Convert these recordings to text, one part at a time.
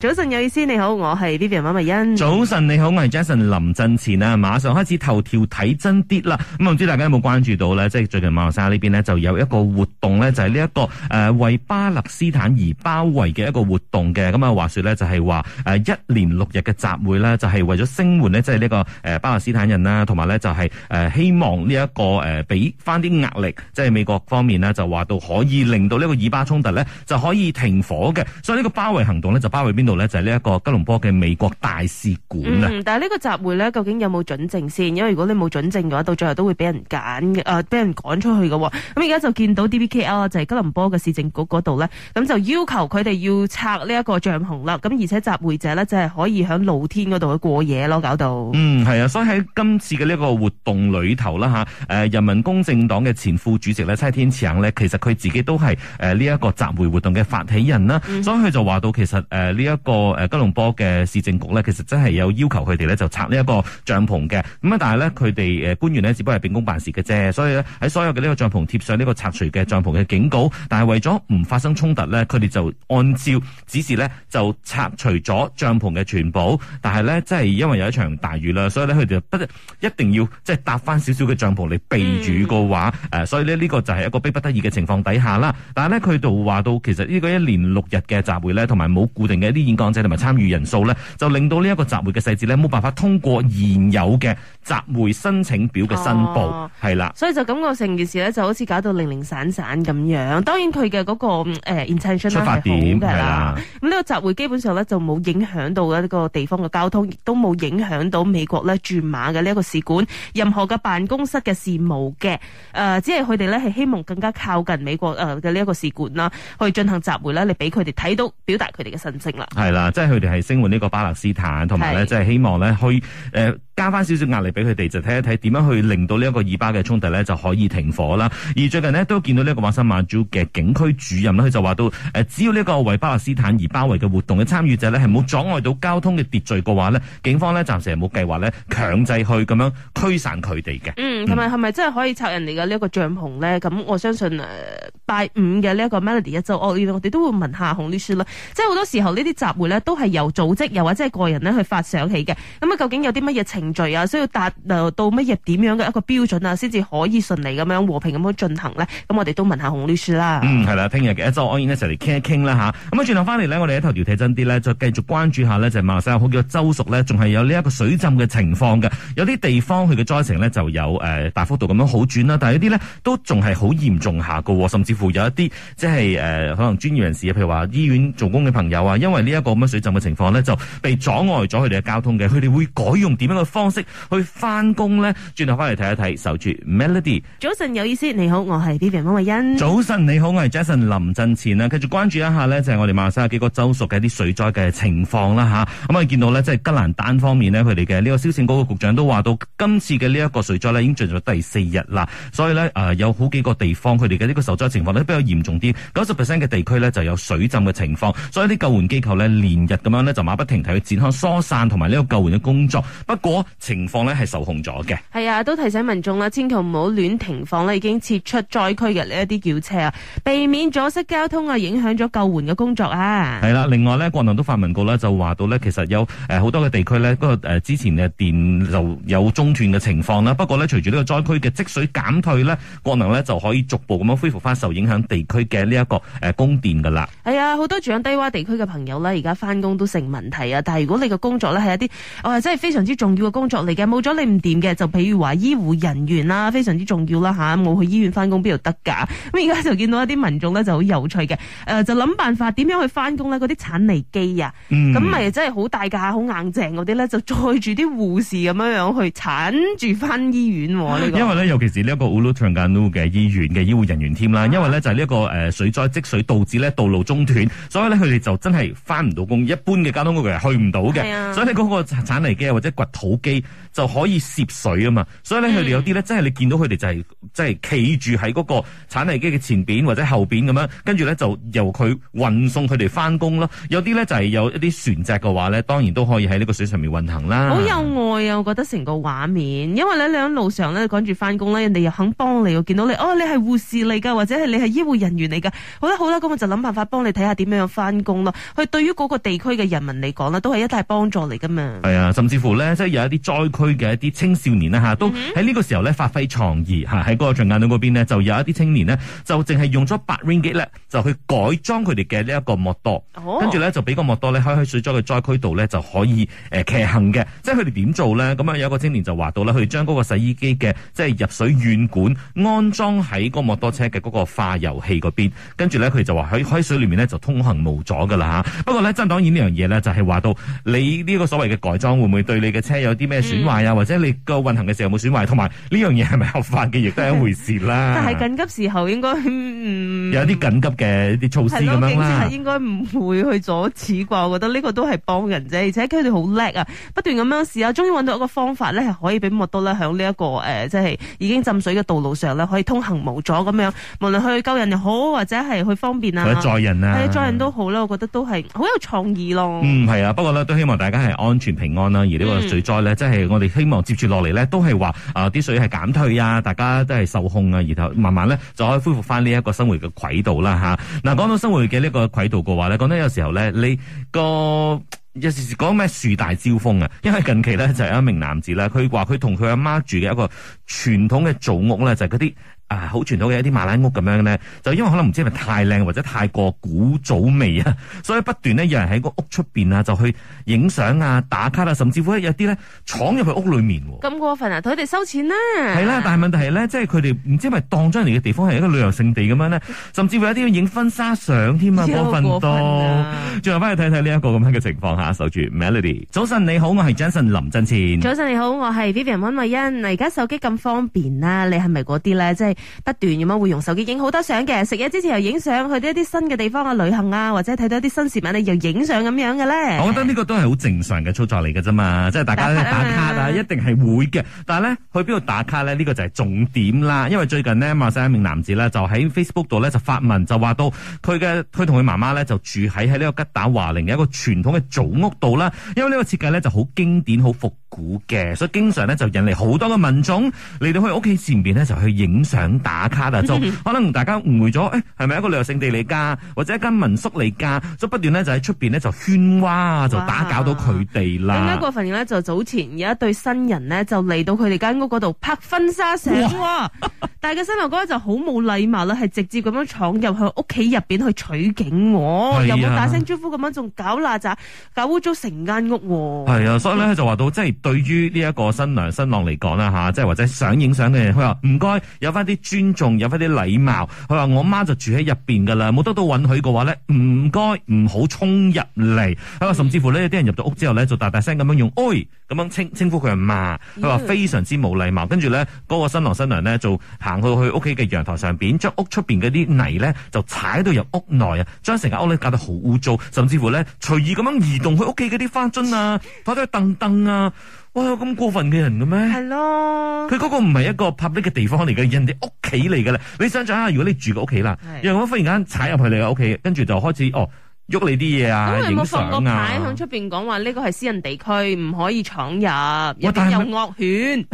早晨有意思，你好，我係 Vivian 馬文欣。早晨你好，我係 Jason 林振前啊！馬上開始頭條睇真啲啦。咁唔知大家有冇關注到咧？即係最近馬來西亞呢邊咧就有一個活動咧，就係呢一個誒、呃、為巴勒斯坦而包圍嘅一個活動嘅。咁啊話說咧就係話誒一連六日嘅集會咧，就係、是、為咗聲援咧即係呢個誒、呃、巴勒斯坦人啦，同埋咧就係、是、誒、呃、希望呢、這個呃、一個誒俾翻啲壓力，即、就、係、是、美國方面咧就話到可以令到呢個以巴衝突咧就可以停火嘅。所以呢個包圍行動咧就包圍邊度咧就係呢一個吉隆坡嘅美國大使館啊、嗯，但係呢個集會咧究竟有冇准證先？因為如果你冇准證嘅話，到最後都會俾人揀誒俾人趕出去嘅、哦。咁而家就見到 DBKL 就係吉隆坡嘅市政局嗰度呢，咁就要求佢哋要拆呢一個帳篷啦。咁而且集會者呢，就係、是、可以喺露天嗰度去過夜咯，搞到嗯係啊。所以喺今次嘅呢一個活動裏頭啦吓，誒人民公正黨嘅前副主席呢，蔡添強呢，其實佢自己都係誒呢一個集會活動嘅發起人啦，嗯、哼所以佢就話到其實誒呢一一個誒吉隆坡嘅市政局咧，其實真係有要求佢哋咧，就拆呢一個帳篷嘅。咁啊，但係咧，佢哋誒官員呢，只不過係秉公辦事嘅啫。所以咧，喺所有嘅呢個帳篷貼上呢個拆除嘅帳篷嘅警告。但係為咗唔發生衝突咧，佢哋就按照指示咧，就拆除咗帳篷嘅全部。但係咧，即係因為有一場大雨啦，所以咧佢哋不一定要即係搭翻少少嘅帳篷嚟避雨嘅話誒、嗯啊，所以呢，呢個就係一個逼不得已嘅情況底下啦。但係咧，佢就話到其實呢個一連六日嘅集會咧，同埋冇固定嘅一啲，演講者同埋參與人數咧，就令到呢一個集會嘅細節咧冇辦法通過現有嘅集會申請表嘅申報係啦，啊、的所以就感覺成件事咧就好似搞到零零散散咁樣。當然佢嘅嗰個誒 intention 係好嘅啦。咁、呃、呢的個集會基本上咧就冇影響到一個地方嘅交通，亦都冇影響到美國咧駐馬嘅呢一個使館任何嘅辦公室嘅事務嘅。誒、呃，只係佢哋咧係希望更加靠近美國誒嘅呢一個使館啦，去進行集會啦，嚟俾佢哋睇到表達佢哋嘅申請啦。係啦，即係佢哋係聲援呢個巴勒斯坦，同埋咧即係希望咧去誒、呃、加翻少少壓力俾佢哋，就睇一睇點樣去令到呢一個以巴嘅衝突咧就可以停火啦。而最近呢，都見到呢一個瓦薩馬朱嘅警區主任咧，佢就話到誒、呃，只要呢個為巴勒斯坦而包圍嘅活動嘅參與者呢，係冇阻礙到交通嘅秩序嘅話呢，警方呢暫時係冇計劃呢強制去咁樣驅散佢哋嘅。嗯，同埋係咪真係可以拆人哋嘅呢一個帳篷咧？咁我相信拜五嘅呢一個 melody 一周我哋都會問下洪律師啦。即係好多時候呢啲集會呢，都係由組織又或者係個人咧去發想起嘅。咁啊，究竟有啲乜嘢程序啊，需要達到乜嘢點樣嘅一個標準啊，先至可以順利咁樣和平咁樣進行呢？咁我哋都問下洪律師啦。嗯，係啦，聽日嘅一週我哋一齊嚟傾一傾啦吓，咁啊，轉頭翻嚟呢，我哋喺頭條睇真啲呢，就繼續關注下呢就馬來西亞好幾個州屬呢，仲係有呢一個水浸嘅情況嘅。有啲地方佢嘅災情呢，就有誒、呃、大幅度咁樣好轉啦，但係一啲呢，都仲係好嚴重下嘅喎，甚至乎有一啲即係誒、呃，可能專業人士啊，譬如話醫院做工嘅朋友啊，因為呢一個咁嘅水浸嘅情況呢，就被阻礙咗佢哋嘅交通嘅，佢哋會改用點樣嘅方式去翻工呢？轉頭翻嚟睇一睇，守住 Melody。早晨有意思，你好，我係 B B 蒙慧欣。早晨你好，我係 Jason 林振前啊，繼續關注一下呢，就係、是、我哋馬來西亞幾個州屬嘅一啲水災嘅情況啦吓，咁、啊、我、嗯、見到呢，即係吉蘭丹方面呢，佢哋嘅呢個消拯局嘅局長都話到，今次嘅呢一個水災呢已經進入第四日啦，所以呢，誒、呃、有好幾個地方佢哋嘅呢個受災情況。或者比較嚴重啲，九十 percent 嘅地區呢就有水浸嘅情況，所以啲救援機構呢連日咁樣呢就馬不停蹄去展開疏散同埋呢個救援嘅工作。不過情況係受控咗嘅。係啊，都提醒民眾啦，千祈唔好亂停放啦，已經撤出災區嘅呢一啲轎車啊，避免阻塞交通啊，影響咗救援嘅工作啊。係啦、啊，另外呢國能都發文告咧就話到呢其實有誒好、呃、多嘅地區呢嗰個誒之前嘅電流有中斷嘅情況啦。不過呢隨住呢個災區嘅積水減退呢國能呢就可以逐步咁樣恢復翻受。影響地區嘅呢一個誒供電噶啦，係啊，好多住喺低窪地區嘅朋友咧，而家翻工都成問題啊！但係如果你嘅工作咧係一啲，我、哦、話真係非常之重要嘅工作嚟嘅，冇咗你唔掂嘅，就譬如話醫護人員啦、啊，非常之重要啦、啊、吓，冇、啊、去醫院翻工邊度得噶？咁而家就見到一啲民眾咧就好有趣嘅，誒、呃、就諗辦法點樣去翻工咧？嗰啲鏟泥機啊，咁咪真係好大架、好硬淨嗰啲咧，就載住啲護士咁樣樣去鏟住翻醫院呢、啊、因為咧，果尤其是呢一個烏魯登嘉樓嘅醫院嘅醫護人員添啦，啊、因為。就係呢一個水災積水導致咧道路中斷，所以咧佢哋就真係翻唔到工。一般嘅交通工具係去唔到嘅，是啊、所以你嗰個鏟泥機或者掘土機就可以涉水啊嘛。所以咧佢哋有啲呢，真係、嗯、你見到佢哋就係即係企住喺嗰個鏟泥機嘅前邊或者後邊咁樣，跟住呢就由佢運送佢哋翻工咯。有啲呢就係有一啲船隻嘅話呢，當然都可以喺呢個水上面運行啦。好有愛啊！我覺得成個畫面，因為咧你喺路上呢，趕住翻工呢，人哋又肯幫你，見到你哦，你係護士嚟㗎，或者係。你係醫護人員嚟噶，好啦好啦，咁我就諗辦法幫你睇下點樣翻工咯。佢對於嗰個地區嘅人民嚟講咧，都係一大幫助嚟噶嘛。係啊，甚至乎呢，即係有一啲災區嘅一啲青少年呢，嚇、啊，都喺呢個時候咧發揮創意嚇，喺、啊、嗰個長江島嗰邊咧，就有一啲青年呢，就淨係用咗八輪機咧，就去改裝佢哋嘅呢一個摩托，跟住、哦、呢，就俾個摩托呢，開開水災嘅災區度呢，就可以誒騎、呃、行嘅。即係佢哋點做呢？咁樣有一個青年就話到呢，佢將嗰個洗衣機嘅即係入水軟管安裝喺嗰個摩托車嘅嗰、那個。化油器嗰邊，跟住咧佢就話喺海水裏面咧就通行無阻噶啦嚇。不過咧，真當然呢樣嘢咧就係話到你呢個所謂嘅改裝會唔會對你嘅車有啲咩損壞啊，嗯、或者你個運行嘅時候有冇損壞，同埋呢樣嘢係咪合法嘅亦都係一回事啦。但係緊急時候應該、嗯、有啲緊急嘅啲措施咁係樣啦。應該唔會去阻止啩，我覺得呢個都係幫人啫。而且佢哋好叻啊，不斷咁樣試啊，終於揾到一個方法咧，係可以俾摩哆咧喺呢一個誒，即、呃、係、就是、已經浸水嘅道路上咧可以通行無阻咁樣，無論。去救人又好，或者係去方便啊！去載人啊，係啊，載人都好啦，我覺得都係好有創意咯、啊。嗯，係啊。不過咧，都希望大家係安全平安啦、啊。而呢個水災咧，嗯、即係我哋希望接住落嚟咧，都係話啊，啲、呃、水係減退啊，大家都係受控啊，然後慢慢咧就可以恢復翻呢一個生活嘅軌道啦，吓、啊。嗱、啊，講到生活嘅呢個軌道嘅話咧，講得有時候咧，你個有時講咩樹大招風啊，因為近期咧就有一名男子咧，佢話佢同佢阿媽住嘅一個傳統嘅祖屋咧，就嗰啲。啊，好傳統嘅一啲馬蘭屋咁樣咧，就因為可能唔知係咪太靚或者太過古早味啊，所以不斷咧有人喺個屋出邊啊，就去影相啊、打卡啦、啊，甚至乎有啲咧闖入去屋裏面、啊。咁過分啊！同佢哋收錢啦。係啦，但係問題係咧，即係佢哋唔知係咪當人哋嘅地方係一個旅遊勝地咁樣咧，甚至乎有啲要影婚紗相添啊， 過分多、啊。最後翻去睇睇呢一個咁樣嘅情況下，守住 Melody。早晨你好，我係 Jason 林振倩。早晨你好，我係 Vivian 溫慧欣。而家手機咁方便啦、啊，你係咪嗰啲咧？即係。不斷咁樣會用手機影好多相嘅，食嘢之前又影相，去到一啲新嘅地方啊，旅行啊，或者睇到一啲新事物咧，又影相咁樣嘅咧。我覺得呢個都係好正常嘅操作嚟嘅啫嘛，即係大家咧打，打卡啊，一定係會嘅。但係咧去邊度打卡咧，呢、這個就係重點啦。因為最近呢，馬來西亞一名男子咧就喺 Facebook 度咧就發文就他他媽媽，就話到佢嘅佢同佢媽媽咧就住喺喺呢個吉打華玲嘅一個傳統嘅祖屋度啦。因為個設計呢個設計咧就好經典，好複。估嘅，所以經常咧就引嚟好多嘅民眾嚟到佢屋企前面咧就去影相打卡啦，就可能大家誤會咗，誒係咪一個旅遊勝地嚟㗎？或者一間民宿嚟㗎？所以不斷咧就喺出面咧就喧囂就打搞到佢哋啦。更加過份嘅咧，就早前有一對新人呢，就嚟到佢哋間屋嗰度拍婚紗相，哇哇但係個新郎哥咧就好冇禮貌啦，係直接咁樣闖入去屋企入面去取景喎，啊、又冇打聲招呼咁樣，仲搞邋雜，搞污糟成間屋。係啊，所以咧就話到、嗯、真係。對於呢一個新娘新郎嚟講啦，即係或者想影相嘅，佢話唔該有翻啲尊重，有翻啲禮貌。佢話我媽就住喺入面㗎啦，冇得到允許嘅話咧，唔該唔好衝入嚟。佢話甚至乎呢有啲人入到屋之後咧，就大大聲咁樣用哎咁樣稱稱呼佢係媽，佢話說、嗯、非常之冇禮貌。跟住咧嗰個新郎新娘咧就行去去屋企嘅陽台上邊，將屋出面嗰啲泥咧就踩到入屋內啊！將成間屋咧搞得好污糟，甚至乎咧隨意咁樣移動佢屋企嗰啲花樽啊、擺低凳凳啊。哇，有咁過分嘅人嘅咩？係咯，佢嗰個唔係一個 public 嘅地方嚟嘅，人哋屋企嚟噶啦。 你想象下，如果你住個屋企啦，有人忽然間踩入去你個屋企，跟住就開始哦喐你啲嘢啊，影相、嗯、啊。咁有冇放個牌響出邊講話呢個係私人地區，唔可以闖入，入邊有惡犬。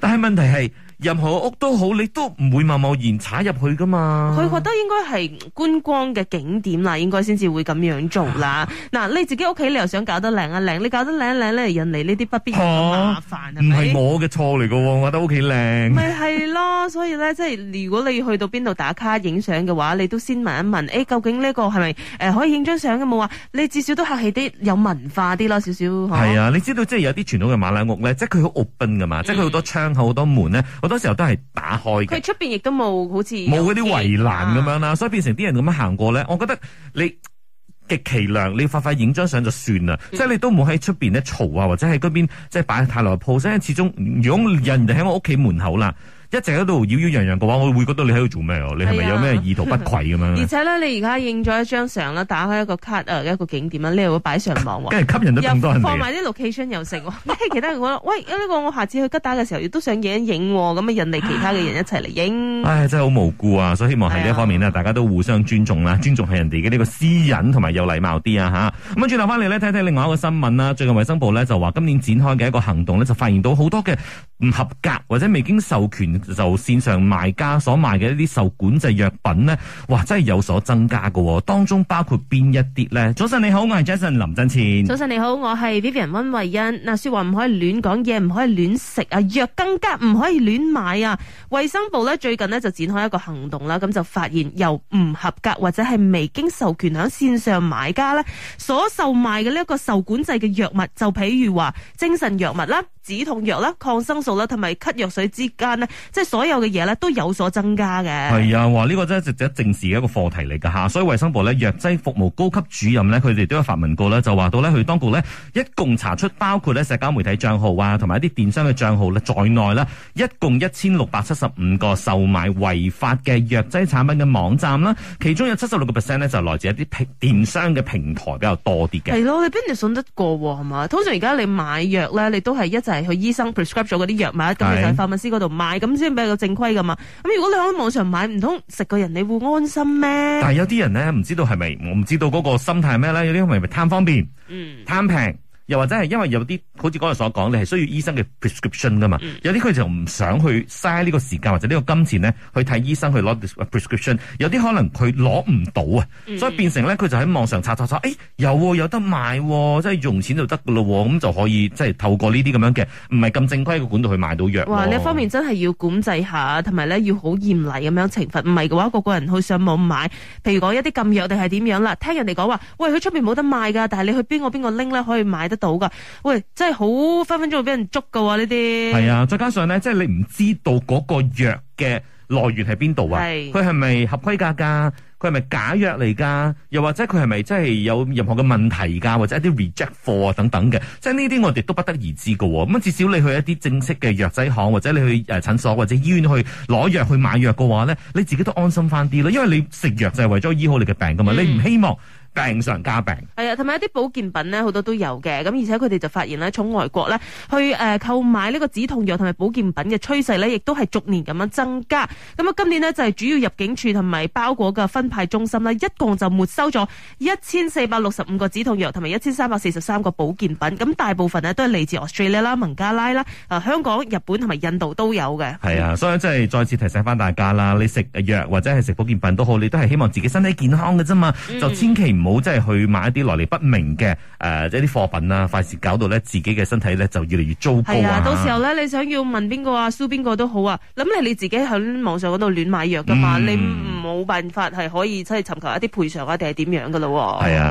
但係問題係。任何屋都好，你都唔會貿貿然踩入去噶嘛？佢覺得應該係觀光嘅景點啦，應該先至會咁樣做啦。嗱唉，你自己屋企你又想搞得靚啊靚，你搞得靚靚咧，引嚟呢啲不必要嘅麻煩，唔係、啊、吧我嘅錯嚟嘅，我覺得屋企靚咪係咯。所以咧，即係如果你去到邊度打卡影相嘅話，你都先問一問，誒、哎，究竟呢個係咪誒可以影張相嘅冇啊？你至少都客氣啲，有文化啲咯，少少。係啊，啊你知道即係有啲傳統嘅馬拉屋咧，即係佢好 open 噶嘛，嗯、即係佢好多窗口好多門咧。多時候都係打開嘅，佢出邊亦都冇好似冇嗰啲圍欄咁樣啦，啊、所以變成啲人咁樣行過咧。我覺得你極其量，你發快影張相就算啦，嗯、即係你都冇喺出邊咧嘈啊，或者喺嗰邊即係擺太耐鋪，因為始終如果人哋喺我屋企門口啦。嗯嗯一直喺度妖妖洋洋嘅話，我會覺得你喺度做咩啊？你係咪有咩意圖不軌咁樣？是啊、 而且咧，你而家影咗一張相啦，打開一個 card 啊，一個景點你又會擺上網，跟、啊、住、啊、吸引咗咁多人，又放埋啲 location 又成，即係 其他人覺得，喂，呢、這個我下次去吉打嘅時候，亦都想影一影，咁啊，引嚟其他嘅人一齊嚟影。唉，真係好無辜啊！所以希望喺呢一方面呢，啊、大家都互相尊重啦，尊重係人哋嘅呢個私隱同埋有禮貌啲啊吓。咁轉頭翻嚟呢，睇睇另外一個新聞啦、啊。最近衛生部呢，就話，今年展開嘅一個行動呢，就發現到好多嘅唔合格或者未經授權。就線上賣家所賣嘅一啲受管制藥品呢，哇，真係有所增加喎。當中包括邊一啲呢？早晨你好，我係 Jason 林振千。早晨你好，我係 Vivian 温慧欣。嗱，說話唔可以亂講嘢，唔可以亂食啊，藥更加唔可以亂買啊。衛生部呢，最近呢就展開一個行動啦，咁就發現由唔合格或者係未經授權喺線上賣家呢所售賣嘅呢一個受管制嘅藥物，就譬如話精神藥物啦。止痛藥啦、抗生素啦同埋咳藥水之間咧，即係所有嘅嘢咧都有所增加嘅。係啊，哇！呢、呢個真係值值得正視嘅一個課題嚟㗎嚇。所以衞生部咧藥劑服務高級主任咧，佢哋都有發文過啦，就話到咧佢當局咧一共查出包括咧社交媒體帳號啊同埋一啲電商嘅帳號咧在內啦，一共一千六百七十五個售賣違法嘅藥劑產品嘅網站啦，其中有七十六個 percent 咧就係，來自一啲電商嘅平台比較多啲嘅。係咯，你邊度信得過喎？係嘛？通常而家你買藥咧，你都係一係去醫生 prescribe 咗嗰啲藥物，咁你就喺 pharmacist 嗰度買，咁先比較正規噶嘛。咁如果你喺網上買，唔通食個人你會安心咩？但係有啲人咧唔知道係咪，我唔知道嗰個心態係咩咧。有啲咪貪方便，貪平、嗯。又或者係因為有啲好似嗰日所講，你係需要醫生嘅 prescription 噶嘛、嗯？有啲佢就唔想去嘥呢個時間或者呢個金錢呢，去睇醫生去攞 prescription。有啲可能佢攞唔到啊，嗯、所以變成咧佢就喺網上查查查，誒、哎、有、啊、有得賣、啊，即係用錢就得㗎咯，咁就可以即係透過呢啲咁樣嘅唔係咁正規嘅管道去買到藥、啊。哇！呢一方面真係要管制下，同埋咧要好嚴厲咁樣懲罰。唔係嘅話，個個人去上網買。譬如講一啲禁藥定係點樣啦？聽人哋講話，喂，佢出面冇得賣㗎，但係你去邊個邊個拎咧可以買得到噶，喂，真係好分分鐘會俾人捉噶呢啲。係啊，再加上咧，即係你唔知道嗰個藥嘅來源喺邊度啊？佢係咪合規格噶？佢係咪假藥嚟噶？又或者佢係咪真係有任何嘅問題噶？或者一啲 reject 貨啊等等嘅，即係呢啲我哋都不得而知噶、啊。咁至少你去一啲正式嘅藥劑行，或者你去誒診所或者醫院去攞藥去買藥嘅話咧，你自己都安心翻啲咯。因為你食藥就係為咗醫好你嘅病噶嘛，嗯、你唔希望。病上加病，係啊，同埋一啲保健品呢，好多都有嘅。咁而且佢哋就發現呢，從外國呢去誒購買呢個止痛藥同埋保健品嘅趨勢呢，亦都係逐年咁樣增加。咁啊，今年呢，就係主要入境處同埋包裹嘅分派中心呢，一共就沒收咗一千四百六十五個止痛藥同埋一千三百四十三個保健品。咁大部分呢，都係嚟自 Australia 啦、孟加拉啦、啊香港、日本同埋印度都有嘅。係啊，所以真係再次提醒翻大家啦，你食藥或者係食保健品都好，你都係希望自己身體健康嘅啫嘛，就千祈唔、嗯。唔好即係去買一啲來歷不明嘅，誒，呃、即一啲貨品啊，費事搞到咧自己嘅身體咧就越嚟越糟糕啊！係啊，到時候咧你想要問邊個啊，燒邊個都好啊。咁你你自己喺網上嗰度亂買藥噶嘛，嗯、你冇辦法係可以即係尋求一啲賠償啊，定係點樣噶咯？係啊。